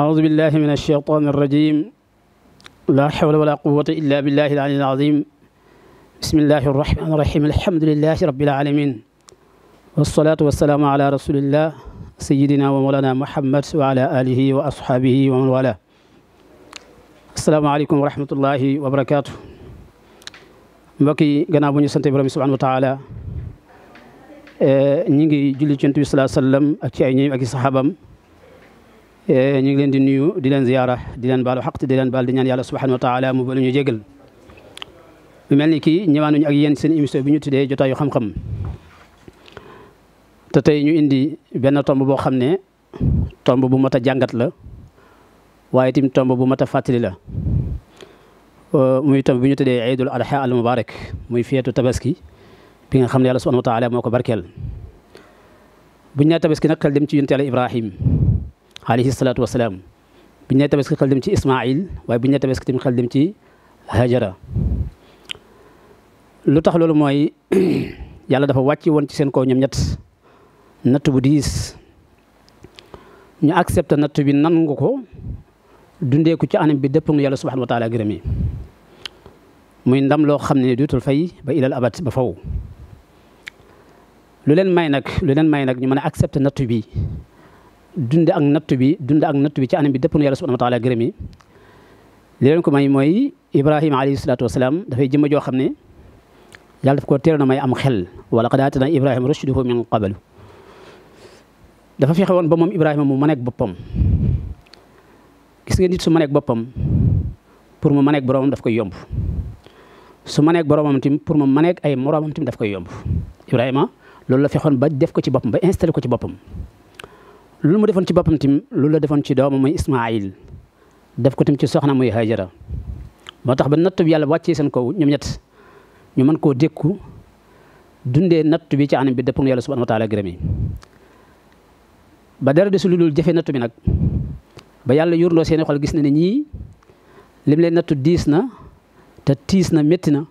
أعوذ بالله من الشيطان الرجيم لا حول ولا قوة إلا بالله العلي العظيم بسم الله الرحمن الرحيم الحمد لله رب العالمين والصلاة والسلام على رسول الله سيدنا ومولانا محمد وعلى آله وأصحابه ومن والاه السلام عليكم ورحمة الله وبركاته mbokki gannaaw bu ñu sante borom subhanahu wa taala ñi ngi julli ci yonent bi sallallahu alayhi wa sallam ak ci ay ñoom ak i saxaabam Eh, ñu ngi leen di nuyu di leen ziyaara di leen baalu xaq di leen baal di ñaan yàlla subhanahu wa taala mu balu ñu jégal bu mel ni kii ñëwaanuñu ak yéen seen émission bi ñu tuddee jotaayu xam-xam te tey ñu indi benn tomb boo xam ne tomb bu mat a jàngat la waaye tim tomb bu mat a fàttali la eh, muy tomb bi ñu tuddee Eidul Adha al Mubarak muy feetu tabaski bi nga xam ne yàlla subhanahu wa taala moo ko barkeel bu ñu nee tabaski nag dem ci yonent yàlla Ibrahim alayhi salaatu wasalaam bu ñu nee tabaski xel dem ci Ismaayil waaye bu ñu nee tabaski tamit xel dem ci Hajara lu tax loolu mooy yàlla dafa wàcc woon ci seen kaw ñoom ñett natt bu diis ñu accepté natt bi nangu ko dundeeku ci anam bi dëpp yàlla subhaanahu wa taala gërëm yi muy ndam loo xam ne duutul fay ba ilal abat ba faw lu leen may nag lu leen may nag ñu mën a accepté nattu bi dunde ak natt bi dunde ak natt bi ci anam bi dëpp nu yàlla subhanahu wa taala gërëm yi li ko may mooy ibrahima alayhi salaatu wasalaam dafay jëma joo xam ne yàlla daf ko teel na may am xel wala qad aatana ibrahima rushdahu min qablu dafa fexe woon ba moom ibrahima mu mën ak boppam gis nga nit su mën ak boppam pour mu mën ak boromam daf koy yomb su mën ak boromam tim pour mu mën ak ay moromam tim daf koy yomb ibrahima loolu la fexoon ba def ko ci boppam ba installé ko ci boppam lu mu defoon ci boppam tim loolu la defoon ci doomam mooy Ismaayil def ko tim ci soxna muy Hajara moo tax ba nattu bi yàlla wàccee seen kaw ñoom ñett ñu mën koo dékku dundee natt bi ci anam bi dëpp yàlla subhaanahu wa taala gërëm yi ba lu dul jafe natt bi nag ba yàlla yurndoo seen xol gis na ne ñii lim leen nattu diis na te tiis na métti na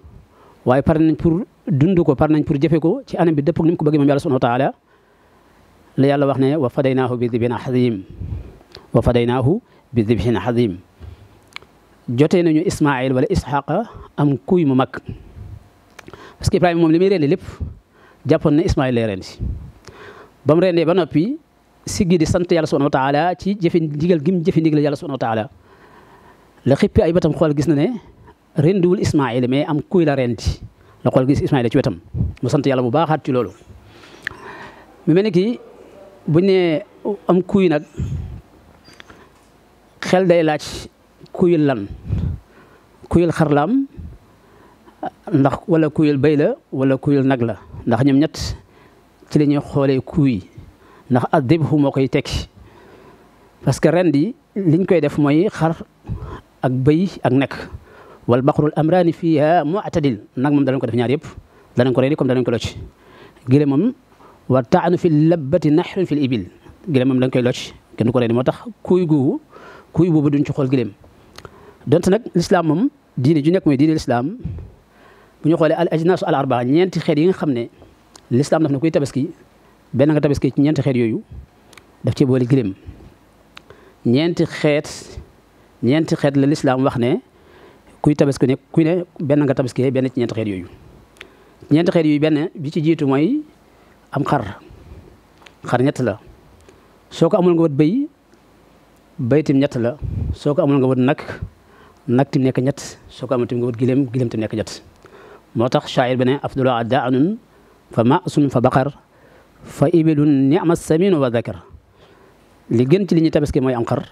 waaye pare nañ pour dund ko pare nañ pour jafe bi dëpp ni mu ko bëggee moom yàlla subhaanahu wa taala la yàlla wax ne wa fadaynaahu bi dibhin azim wa fadaynaahu bi dibhin azim jotee nañu Ismaayil wala Isxaaqa am kuy mu mag parce que Ibrahima moom li muy rendi lépp jàppoon na Ismaayil lay rendi ba mu rendee ba noppi siggi di sant yàlla subhanahu wa ci jëfe ndigal gim jëfe ndigal yàlla subhanahu wa la xippi ay batam xool gis na ne rendiwul Ismaayil mais am kuy la rendi la xool gis Ismaayil ci wetam mu sant yàlla bu baaxaat ci loolu mu mel ni bu ne am kuy nag xel day laaj kuyul lan kuyul xarlaam ndax wala kuyul béy la wala kuyul nag la ndax ñoom ñett ci la ñuy xoolee kuy ndax addibhu moo koy tekki parce que ren di liñ koy def mooy xar ak bay ak nekk wal baqarul amraani fiha mu'tadil nag moom danañ ko def ñaar yëpp danañ ko rendi comme danañ ko locc gële moom wa taanu fi labbati naxrun fi l ibil giléem moom dañ koy locc kenn du ko rey moo tax kuy googu kuy boobu duñ ci xool giléem donte nag lislaam moom diine ju nekk mooy diine lislaam bu ñu xoole al ajnaasu al arbaa ñeenti xeet yi nga xam ne lislaam daf na koy tabaski benn nga tabaski ci ñeenti xeet yooyu daf ci boole giléem xeet ñeenti xeet la lislaam wax ne kuy tabaski ne kuy ne benn nga tabaski benn ci ñeenti xeet yooyu ñeenti xeet yooyu benn bi ci jiitu mooy am xar xar ñett la soo ko amul nga bay béy tim ñett la soo ko amul nga wët nag nag tim nekk ñett soo ko amul tim nga wët gileem gileem tim nekk ñett moo tax shaayir bi ne afdalu adda anun fa maasun fa baqar fa ibilun niama saminu wa dakar li ci li ñuy tabaski mooy am xar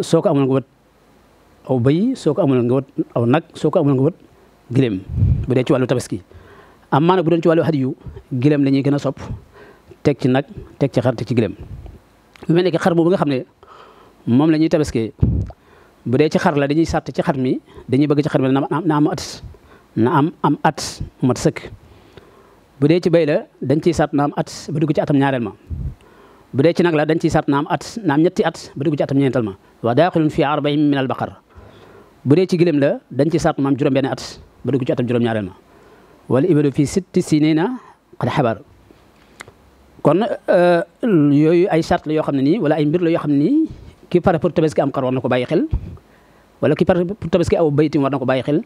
soo ko amul nga wët aw béy soo ko amul nga aw nag soo ko amul nga wët gileem bu dee ci wàllu tabaski am maanaam bu doon ci wàllu hadiyu gilem la ñuy gën a sopp teg ci nag teg ci xar teg ci gilem bu mel ne xar boobu nga xam ne moom la ñuy tabaskee bu dee ci xar la dañuy sàtt ci xar mi dañuy bëgg ci xar mi na am at na am am at mat sëkk bu dee ci béy la dañ ciy sàtt na am at ci atam ñaareel ma bu ci nag la dañ ciy sàtt na am at na am ñetti at ba dugg ci atam ñeenteel ma wa daaxilun fi arbain min al baqar bu dee ci gilem la dañ ciy sàtt na am juróom-benn at ba dugg ci atam juróom-ñaareel ma wala ibadu fi sitti sinina qad xabar kon euh, yooyu ay charte la yoo xam ne nii wala ay mbir la yoo xam ne nii ki pare pour tabaski am xar war na ko bàyyi xel wala ki pare pour tabaski aw baytim war na ko bàyyi xel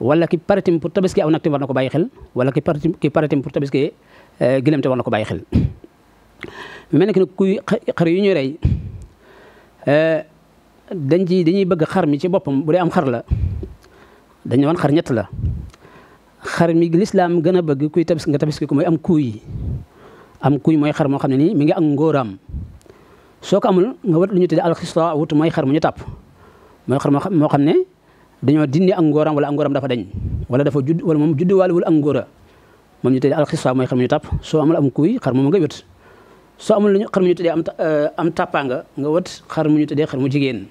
wala ki pare tim pour tabaski aw nagtim war na ko bàyyi xel wala ki pare ki pare tim pour tabaski euh, gëlëm te war na ko bàyyi xel mel ni que nag kuy xar yu ñu rey euh, dañ ci dañuy bëgg xar mi ci boppam bu dee am xar la dañu woon xar la xar mi lislaam gën a bëgg kuy tabaski nga tabaski ko mooy am kuuy am kuuy mooy xar moo xam ne nii mi ngi am ngóoraam soo ko amul nga wut lu ñu tudde alxisra wut mooy xar mu ñu tàpp mooy xar moo xam ne dañoo dindi ak ngóoraam wala ak dafa dañ wala dafa judd wala moom judd wàlluwul ak ngóora moom ñu tudde alxisra mooy xar mu ñu soo amul am kuuy xar moom nga wut soo amul lu ñu xar mu ñu am euh, am tàppaanga nga wut xar mu ñu tuddee xar jigéen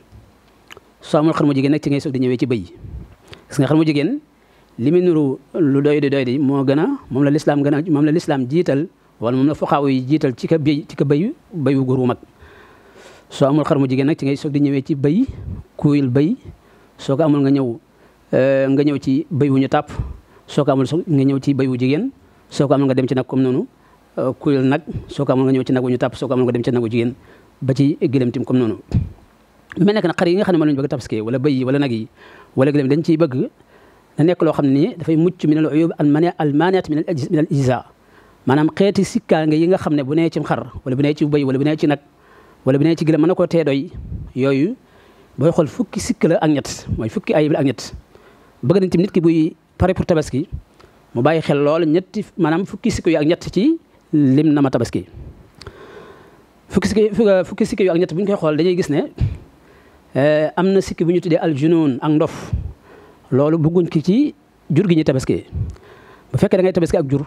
soo amul xar mu jigéen nag ci ngay soog di ñëwee ci bëy gis nga xar mu jigéen li mu nuru lu doy di moo gën a moom la lislaam gën moom la lislaam jiital wala moom la foxaaw yi jiital ci ka béy ci ka béyu béyu góor mag soo amul xar mu jigéen nag ci ngay soog di ñëwee ci béy kuuyil béy soo ko amul nga ñëw euh, nga ñëw ci bay wu ñu tàpp soo ko amul nga ñëw ci béy wu jigéen soo ko nga dem ci nag comme noonu euh, kuuyil nag soo ko amul nga ñëw ci nag wu ñu tàpp soo ko amul nga dem ci nag wu jigéen ba ci gëlëm tim comme noonu. mel nekk nag xar nga xam ne moom la ñu bëgg tabaski wala bay yi wala nag yi wala gëlëm dañ ciy bëgg na nekk loo xam ne nii dafay mucc min al uyub al mani al maniat min al ijza maanaam xeeti sikkaange yi nga xam ne bu nee ci xar wala bu nee ci bëy wala bu nee ci nag wala bu nee ci gëlëm mën na koo tee doy yooyu booy xool fukki sikk la ak ñett mooy fukki ay la ak ñett bëgg nañ tamit nit ki buy pare pour tabaski mu bàyyi xel lool ñetti maanaam fukki sikk yu ak ñett ci lim na ma tabaski fukki sikk fukki sikk yu ak ñett bu ñu koy xool dañuy gis ne eh, am na sikk bu ñu tuddee al ak ndof loolu bëgguñ ki ci jur gi ñuy tabaski bu fekkee da ngay ak jur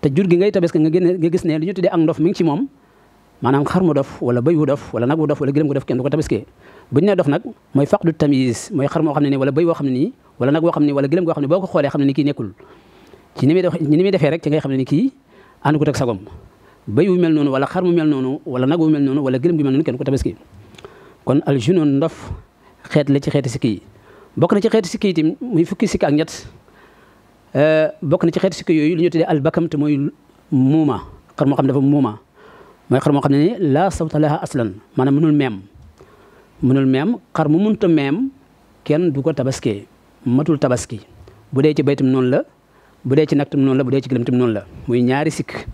te jur gi ngay tabaski nga génne nga gis ne li ñu tuddee ak ndof mi ngi ci moom maanaam xar mu dof wala béy wu dof wala nag wu dof wala gëlëm gu dof kenn ko tabaski bu ñu nee dof nag mooy faqdu tamis mooy xar moo xam ne nii wala béy woo xam ne nii wala nag woo xam ne wala gëlëm goo xam ne boo ko xoolee xam ne ni kii nekkul ci ni muy def ni muy defee rek ci ngay xam ne ni kii àndugut ak sagom béy wu mel noonu wala xar mu mel noonu wala nag wu mel noonu wala gëlëm gu mel noonu kenn du ko tabaski kon al junun ndof xeet la ci xeeti si kii bokk na ci xeetu sikki itam muy fukki sikk ak ñett eh, bokk na ci xeetu sikki yooyu lu ñu tuddee albakamte mooy muuma xar moo xam dafa muuma mooy xar moo xam ne ni laa sawta laha aslan maanaam mënul meem mënul meem xar mu munta meem kenn du ko tabaskee matul tabaski bu dee ci baytam noonu la bu dee ci nag tam noonu la bu dee ci gëlëm tam noonu la muy ñaari sikk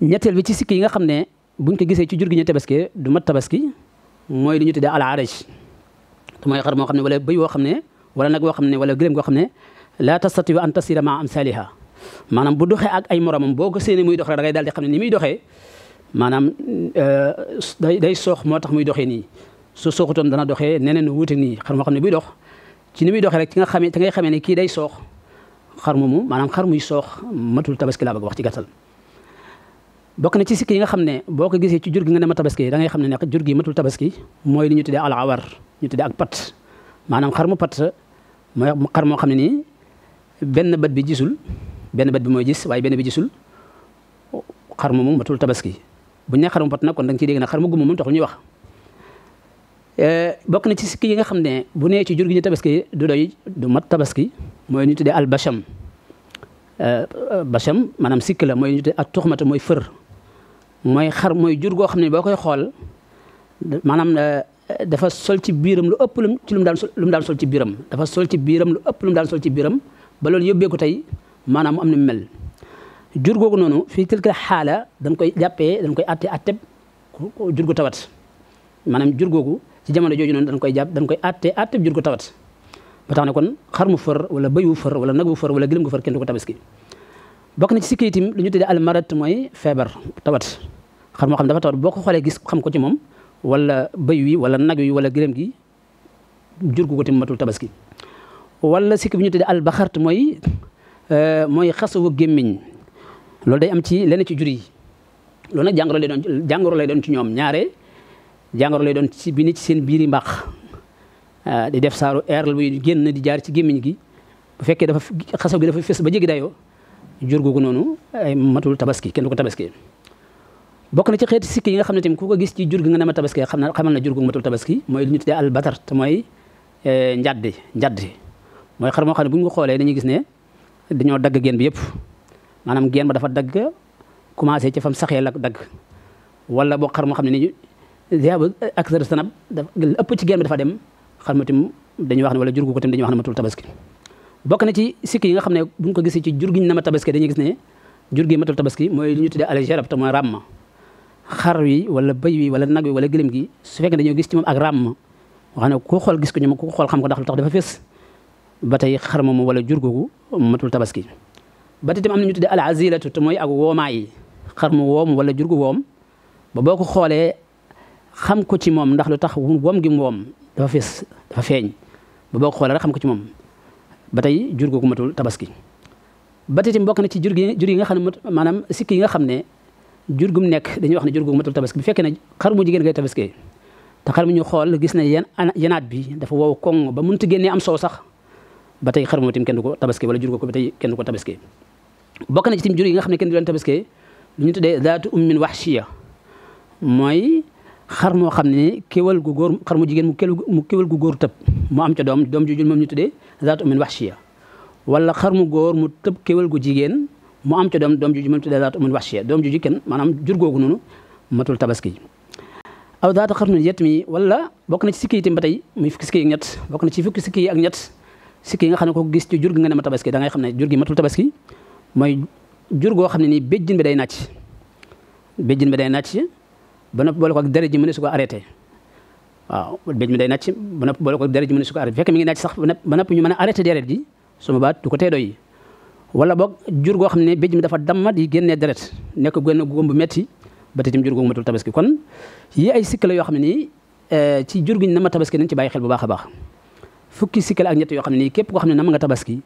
ñetteel bi ci sikk yi nga xam ne buñ ko gisee ci jur gi ñu du mat tabaski mooy li ñu tuddee al araj te mooy xar moo xam ne wala bëy woo xam ne wala nag woo xam ne wala gëléem goo xam ne la tastati an tasira ma am saliha maanaam bu doxee ak ay moromam boo ko séenee muy dox rek da ngay xam ne ni muy doxee maanaam euh, day day soox moo tax muy doxee nii su sooxutoon dana doxee neneen wuute nii xar moo xam ne buy dox ci ni muy doxee rek ci nga xamee ci ngay xamee ne kii day soox xar moomu maanaam xar muy soox matul tabaski laa bëgg wax ci gàttal bokk na ci sikk yi nga xam ne boo ko gisee ci jur gi nga ne ma tabaski da xam ne ne jur gi matul tabaski mooy li ñu tuddee al awar ñu tuddee ak pat maanaam xar mu pat mooy xar moo xam ne nii benn bët bi gisul benn bët bi mooy gis waaye benn bi gisul xar moomu matul tabaski bu ñu nee xar mu pat nag kon da nga ciy dégg nag xar mu gumu moom taxul ñuy wax. Eh, bokk na ci sikk yi nga xam ne bu nee ci jur gi ñu tabaski du doy du mat tabaski mooy nu tuddee al bacham eh, bacham maanaam sikk la mooy ñu tuddee mat mooy fër. mooy xar mooy jur goo xam ne boo koy xool maanaam euh, dafa sol ci biiram lu ëpp lum ci lu mu daan lu sol ci biiram dafa sol ci biiram lu ëpp lu mu daan sol ci biiram ba loolu yóbbee ko tey maanaam am na mel jurgo googu noonu fii tel que xaala dañ koy jàppee dañ koy atte atteb jur tawat maanaam jur googu ci jamono jooju noonu dañ koy jàpp dañ koy atte atteb jur gu tawat ba tax na kon xar mu fër wala bëy wu fër wala nag wu fër wala gëlëm gu fër kenn du ko tabaski bokk na ci sikkiitim lu ñu tuddee almarat mooy feebar tawat xar moo xam dafa tawat boo ko xoolee gis xam ko ci moom wala bëy wi wala nag wi wala gëlëm gi jur gu ko matul tabaski wala sikk bi ñu tuddee albaxart mooy euh, mooy xasawu gémmiñ loolu day am ci lenn ci jur yi loolu nag lee doon jàngoro lay doon ci ñoom ñaare jàngoro lee doon ci bi ci seen biiri mbaax euh, di def saaru air buy génn di jaar ci gémmiñ gi bu fekkee dafa xasaw gi dafa fes ba jéggi dayoo jur googu noonu matul tabaski kenn du tabaski bokk na ci xeeti sikki yi nga xam ne tamit ko gis ci jur gi nga ne ma tabaski xam na xamal na jur gu matul tabaski mooy li ñu tuddee te mooy eh, njaddi njaddi mooy moo xam ne bu ñu ko xoolee dañuy gis ne dañoo dagg geen bi yëpp maanaam geen ba dafa dagg commencé ci fam saxee la dagg wala boo xar moo xam ne ni ziaba aktar sanab da ëpp ci geen dafa dem xar ma tamit dañuy wax ne wala jur gu ko tamit dañuy wax ne matul tabaski na ci yi nga xam ne bu ko gisee ci jur gi ñu ne ma tabaski gis ne jur gi matul tabaski mooy li ñu tuddee aljarab te mooy ràmma xar wi wala bëy wi wala nag wi wala gëlëm gi su fekkee dañoo gis ci moom ak ràmm wax xool gis ko ñoom ku xool xam ko ndax lu tax dafa fees ba tey xar moomu walla jurgo googu matul tabaski ba tey tam am na ñu tuddee al azilatu te mooy xar mu woom wala jur woom ba boo ko xoolee xam ko ci moom ndax lu tax woom gi mu woom dafa fees dafa feeñ ba boo ko xoolee rek xam ko ci moom ba tey jurgo googu matul tabaski ba tey tam bokk ci jur nga xam ne sikki nga xam ne jur gum nekk dañuy wax ne jur gu matul tabaski bu fekkee na xar mu jigéen ngay tabaskee te xar mu ñu xool gis ne yan yanaat bi dafa wow koŋ ba mun a génnee am soow sax ba tey xar moom itam kenn du ko tabaskee wala jur ko ba tey kenn du ko tabaskee bokk na ci tim jur yi nga xam ne kenn du leen tabaskee lu ñu tuddee zaatu ummin wahshiya mooy xar moo xam ne kéwal gu góor xar mu jigéen mu kéwal gu góor tëb mu am ca doom doom ju jul moom ñu tuddee zaatu ummin wahshiya wala xar mu góor mu tëb kéwal gu jigéen mu am ca doom doom juju mën tuddee zaatu mun waxshiya doom juju kenn maanaam jur googu noonu matul tabaski daat zaatu xarnul yet mi wala bokk na ci sikki itam ba tey muy fukki sikki ak ñett bokk na ci fukki sikki ak ñett sikki yi nga xam ne ko gis ci jur nga ne ma tabaski da ngay xam ne jur gi matul tabaski mooy jur goo xam ne nii béjjin bi day nàcc béjjin bi day nàcc ba noppi boole ko ak deret ji mënees ko ba noppi boole ko ak deret ji mënees ko arrêté fekk mi ngi nàcc sax ba noppi ñu mën a arrêté deret ji su ma ko tee doy wala boog jur goo xam ne béj mi dafa damma yi génnee deret nekk gën génn góombu métti ba te tim jur googu matul tabaski kon yi ay sikkala yoo xam ne nii eh, ci jur gi na ma tabaski nañ ci bàyyi xel bu baax a baax fukki sikkala ñett yoo xam ne nii képp koo xam ne ma nga tabaski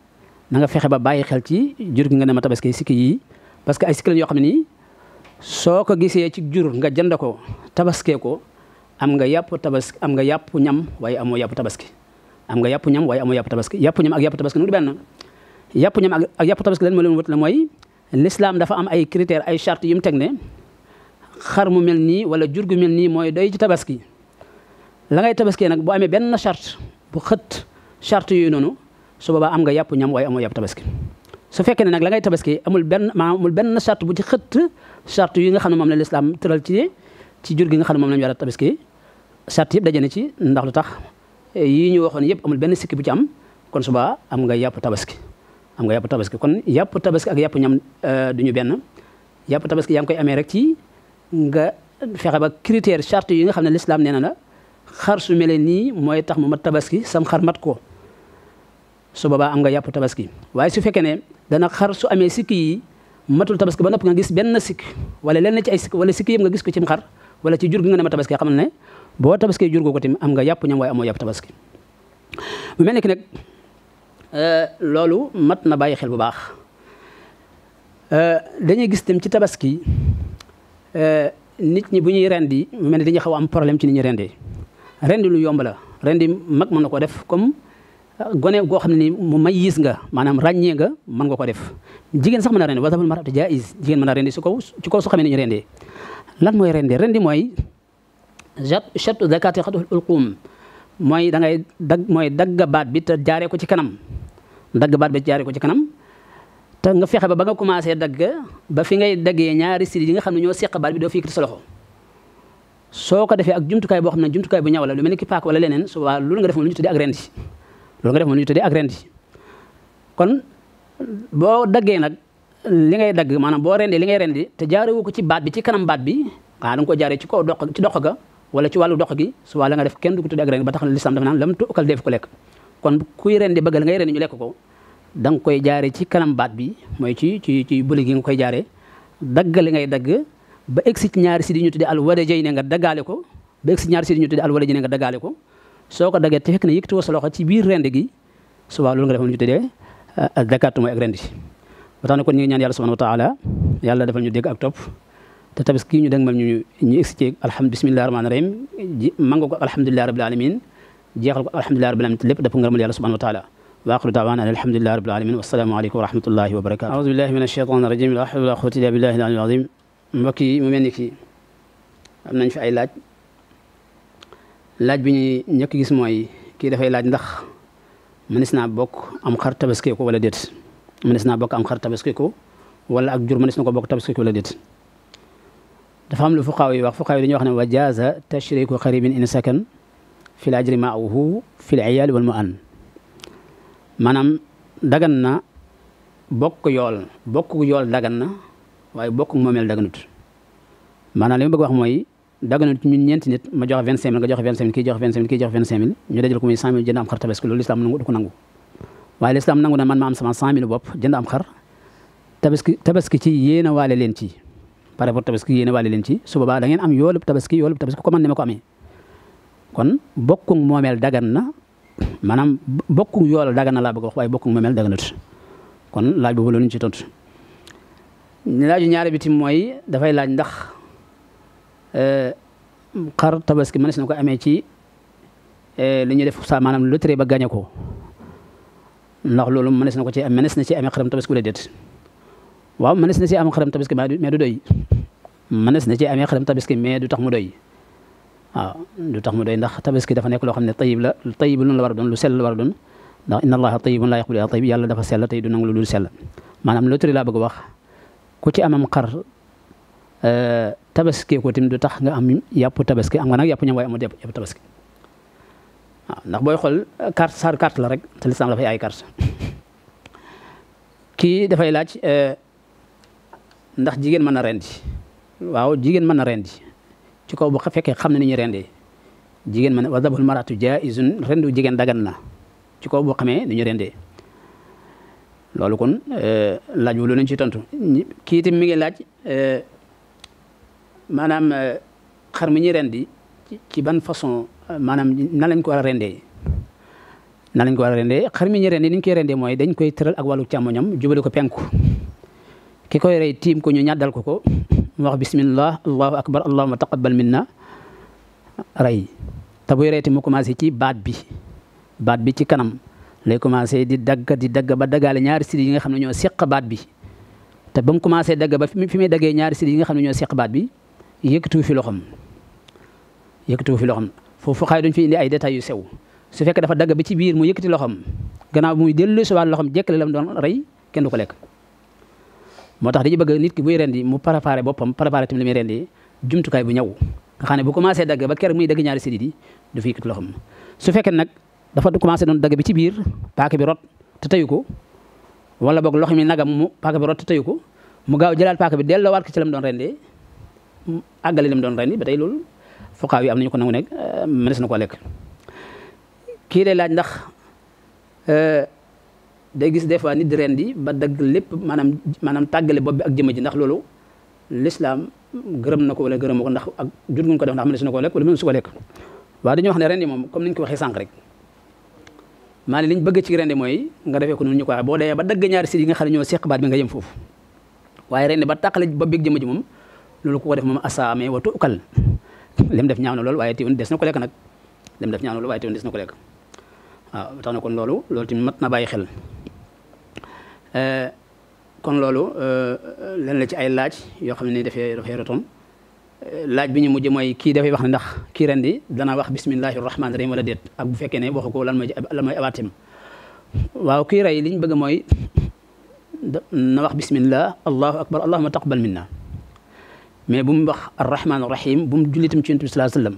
na nga fexe ba bàyyi xel ci jur gi nga na ma tabaski sikki yi parce que ay sikkala yoo xam ne nii soo ko gisee ci jur nga jënd ko tabaskee ko am nga yàpp tabaski am nga yàpp ñam waaye amoo yàpp tabaski am nga yàpp ñam waaye amoo yàpp tabaski yàpp ñam ak yàpp tabaski yàpp ñam ak yàpp tabaski lan ma leen wut la mooy l'islam dafa am ay critères ay chartes yu mu teg ne xar mu mel nii wala jur gu mel nii mooy doy ci tabaski la ngay tabaskee nag boo amee benn charte bu xët charte yooyu noonu su boobaa am nga yàpp ñam waaye amoo yàpp tabaski su fekkee ne nag la ngay tabaski amul benn maa amul benn charte bu ci xëtt charte yi nga xam ne moom la l'islam tëral ci ci jur gi nga xam ne moom la ñu war a tabaski charte yëpp daje na ci ndax lu tax yii ñu waxoon yëpp amul benn sikki bu ci am kon suba am nga yàpp tabaski am nga yàpp tabaski kon yàpp tabaski ak yàpp ñam euh, du ñu benn yàpp tabaski yaa ngi koy amee rek ci nga fexe ba critère charte yi nga xam ne lislaam nee na la xar su mel nii mooy tax mu mat tabaski sam xar mat ko su boobaa am nga yàpp tabaski waaye su fekkee ne dana xar su amee sikki yi matul tabaski ba nopp nga gis benn sikk wala lenn ci ay sikk wala sikk yëpp nga gis ko ci xar wala ci jur gi nga ne ma tabaski xam ne boo tabaskee jur googu tamit am nga yàpp ñam waaye amoo yàpp tabaski mu mel ni ki Euh, loolu mat na bàyyi xel bu baax euh, dañuy gis tam ci tabaski euh, nit ñi bu ñuy rendi mel ne dañuy xaw am problème ci ni ñuy rendee rendi lu yomb la rendi mag mën na ko def comme gone goo xam ni mu may yiis nga maanaam ràññee nga mën nga ko def jigéen sax mën a rendi wala tamit maratu jaayis jigéen mën a rendi su kaw ci kaw su xamee ni ñu rendee lan mooy rendi rendi mooy chat chatu zakati xatul ulqum mooy da ngay dag mooy dagg baat bi te jaaree ko ci kanam dagg baat bi te jaaree ko ci kanam te nga fexe ba banga nga commencé dagg ba fi ngay daggee ñaari siri yi nga xam ne ñoo seq baat bi doo fi yëkkati sa loxo soo ko defee ak jumtukaay boo xam ne jumtukaay bu ñaw la lu mel ni ki paak wala leneen su waa loolu nga def moom lu ñu tuddee ak rendi loolu nga def moom lu ñu tuddee ak rendi kon boo daggee nag li ngay dagg maanaam boo rendee li ngay rendi te jaaree wu ko ci baat bi ci kanam baat bi waaw da nga ko jaaree ci kaw doq ci doq ga wala ci wàllu dox gi suba la nga def kenn du ko tudde ak ren ba tax na lislam dafa naan lam tukkal def ko lekk kon kuy ren di bëggal ngay ren ñu lekk ko da koy jaare ci kanam baat bi mooy ci ci ci gi nga koy jaare daggale ngay dagg ba egsi ci ñaari si di ñu tudde al wada jay ne nga daggaale ko ba egsi si ñu tudde al wada jay nga daggaale ko soo ko daggee te fekk ne yëkkati woo sa loxo ci biir rend gi suba loolu nga def ñu tuddee euh, ak dakaatu mooy ak rend ba tax na kon ñu ñaan yàlla subhanahu wa defal ñu dégg ak topp te tabaski ñu dégg mal ñu ñu excité alhamdu bismillahi rahmaani ko alhamdulillahi rabbil alamin jeexal ko alhamdulillahi rabbil alamin te lépp dafa ngërëmal yàlla subhanahu wa taala wa aaxiru da'waana an alhamdulillahi rabbil alamin wa salaamu aleykum wa la hawla wala mbokk yi mu mel ni kii am fi ay laaj laaj bi ñu njëkk gis mooy kii dafay laaj ndax mënees naa bokk am xar tabaski ko wala déet mënees naa bokk am xar ko wala ak jur mënees na ko bokk tabaski ko wala déet dafa am lu fuqaaw yi wax fuqaaw yi dañuy wax ne wa jaaza tashriku xaribin in sakan fil ajri maahu fil iyaal wal mu an maanaam dagan na bokk yool bokk yool dagan na waaye bokk moomeel daganut maanaam li ma bëgg wax mooy daganut ñun ñeenti nit ma joxe vingt cinq mille nga joxe vingt cinq mille kii joxe vingt cinq mille kii joxe vingt cinq mille ñu dajal ko muy cent mille jënd am xar tabaski loolu lislaam nangu waaye lislaam nangu na man ma am sama cent mille bopp jënd am xar tabaski tabaski ci yéen a waale leen ci pare pour tabaski yéene wàale leen ci su boobaa da ngeen am yoolub tabaski yoolub tabaski ko man ni ma ko amee kon bokkug moomeel dagan na maanaam bokkug yool dagan na laa bëgg wax waaye bokkug moomeel daganut kon laaj boobu loolu ñu ci tontu laaj ñaare bitim mooy dafay laaj ndax euh, xar tabaski mënees na ko amee ci euh, li ñuy def sa maanaam loterie ba gagné ko ndax loolu mënees na ko ci am mënees na ci tabaski wala déet waaw mënees na ci am xaram tabaski mais du doy mënees na amee xaram tabaski mais du tax mu doy waaw du tax mu doy ndax tabaski dafa nekk loo xam ne tayib la tayib lu la war a lu sell la war a doon ndax inna allaha tayibun laa yaqbalu illa tayib yàlla dafa sell tey du nangu lu dul sell maanaam loolu laa bëgg wax ku ci amam xar euh, tabaski ko tim du tax nga am yàpp tabaski am nga nag yàpp ñam waaye amul yàpp tabaski waaw ndax booy xool carte sar carte la rek te lislaam dafay ay carte kii dafay laaj euh, ndax jigéen mën na rendi waaw jigéen mën na rendi ci kaw bu fekkee xam ne ni ñu rendee jigéen mën wa dabul maratu jaizun rendu jigéen dagan na ci kaw boo xamee ni ñu rendee loolu kon euh, laaj wu lu nañ ci tantu kii itam mi ngi laaj euh, maanaam euh, xar mi ñuy rendi ci ban façon maanaam na lañ ko war a rendee na lañ ko war a rendee xar mi ñuy rendi ni ñu koy rendee mooy dañ koy tëral ak wàllu càmmoñam jubale ko penku ki koy rey tiim ko ñu ñaddal ko ko mu wax bismillah allahu akbar allahumma taqabbal minna rey te buy reyti mu commencé ci baat bi baat bi ci kanam lay commencé di dagg di dagg ba daggaale ñaari sidi yi nga xam ne ñoo seq baat bi te ba mu commencé dagg ba fi muy daggee ñaari sidi yi nga xam ne ñoo seq baat bi yëkkatuwu fi loxoom yëkkatuwu fi loxoom foofu xay duñ fi indi ay détails yu sew su fekkee dafa dagg bi ci biir mu yëkkati loxoom gannaaw muy dellu si waat loxoom jekkale la mu rey kenn ko lekk moo tax dañu bëgg nit ki buy rendi mu préparé boppam préparé tamit li muy rendi jumtukaay bu ñaw nga ne bu commencé dagg ba ker muy dagg ñaari sidit di du fi yëkkati loxoom su fekkee nag dafa commencé doon dagg bi ci biir paaka bi rot te tayu ko wala boog loxo mi nagam mu paaka bi rot te tayu ko mu gaaw jëlaat paaka bi delloowaat ko ci lam doon rendee àggale lam doon rendi ba tey loolu fuqaaw yi am nañu ko nangu nekk euh, mënees na ko lekk kii lay laaj ndax euh, day gis des fois nit di rendi ba dagg lépp maanaam maanaam tàggale bopp bi ak jëmm ji ndax loolu l'islam gërëm na ko wala gërëm ko ndax ak jur guñ ko def ndax ko lekk wala mën su ko lekk waaye dañuy wax ne rendi moom comme niñ ko waxee sànq rek maanaam liñ bëgg ci rendi mooy nga defee ko noonu ñu ko waxee boo dee ba dagg ñaari si yi nga ne ñoo seq baat bi nga yem foofu waaye rendi ba tàqale bopp bi ak jëmm ji moom loolu ku ko def moom asaame wa tuukal lim def ñaaw na lool waaye teewul des na ko lekk nag lim def ñaaw na lool waaye teewul des na ko lekk waaw tax na kon loolu loolu tamit mat na bàyyi xel Euh, kon loolu euh, lan la ci ay laaj yoo xam ne dafay dafay retom euh, laaj bi ñu mujj mooy kii dafay wax ne ndax kii ren di dana wax bismillahi rahmaani rahim wala déet ak bu fekkee ne waxu ko lan mooy lan mooy abaatim waaw kii rey li ñu bëgg mooy na wax bismillah allahu akbar allahuma taqbal minna mais bum mu wax arrahmaan rahim bu mu jullitam ci yonent bi salaa sallam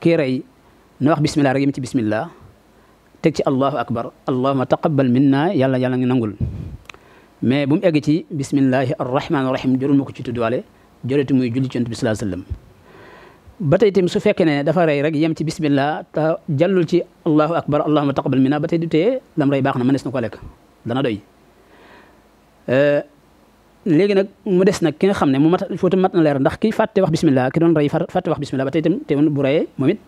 kii rey na wax bismillah rek yem ci bismillah teg ci allahu akbar allahuma taqabal minna yàlla yàlla ngi nangul mais bu mu egg ci bismillahi arrahmaani rahim jërul ma ko ci tuddwaale jëreti muy julli ci yonent bi salaa sallam ba te tamit su fekkee ne dafa rey rek yem ci bismillah te jàllul ci allahu akbar allahuma taqabal minna ba tey du tee lam rey baax na mënees na ko lekk dana doy euh, léegi mu des na ki nga xam ne mu mat footu mat na leer ndax ki fàtte wax bismillah ki doon rey fàtte wax bismillah ba tey tam teewul bu reyee moom it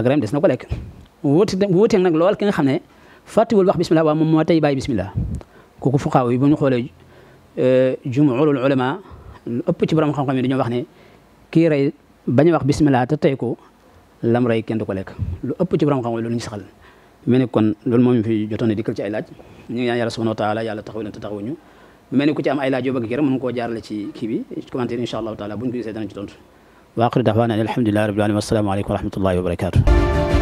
des na ko lekk wuute wuuteeg nag lool ki nga xam ne fàttiwul wax bismillah waa moom moo tey bàyyi bismillah kooku fuqaaw yi bu ñu xoolee euh, jumhurul ulama ëpp ci borom xam-xam yi dañoo wax ne kii rey bañ a wax bismillah te tey ko lam rey kenn du ko lekk lu ëpp ci borom xam-xam yi ñu saxal mel ni kon loolu moom fi di dikkal ci ay laaj ñu ngi ñaan yàlla subhanahu wa taala yàlla taxawu leen te taxawuñu mel ni ku ci am ay laaj yoo bëgg kii rek mën nga koo jaarale ci kii bi commentaire incha allahu taala buñ ko gisee danañ ci tontu wa axiru da'waana alhamdulillahi rabbil alamin wa salaamu aleykum wa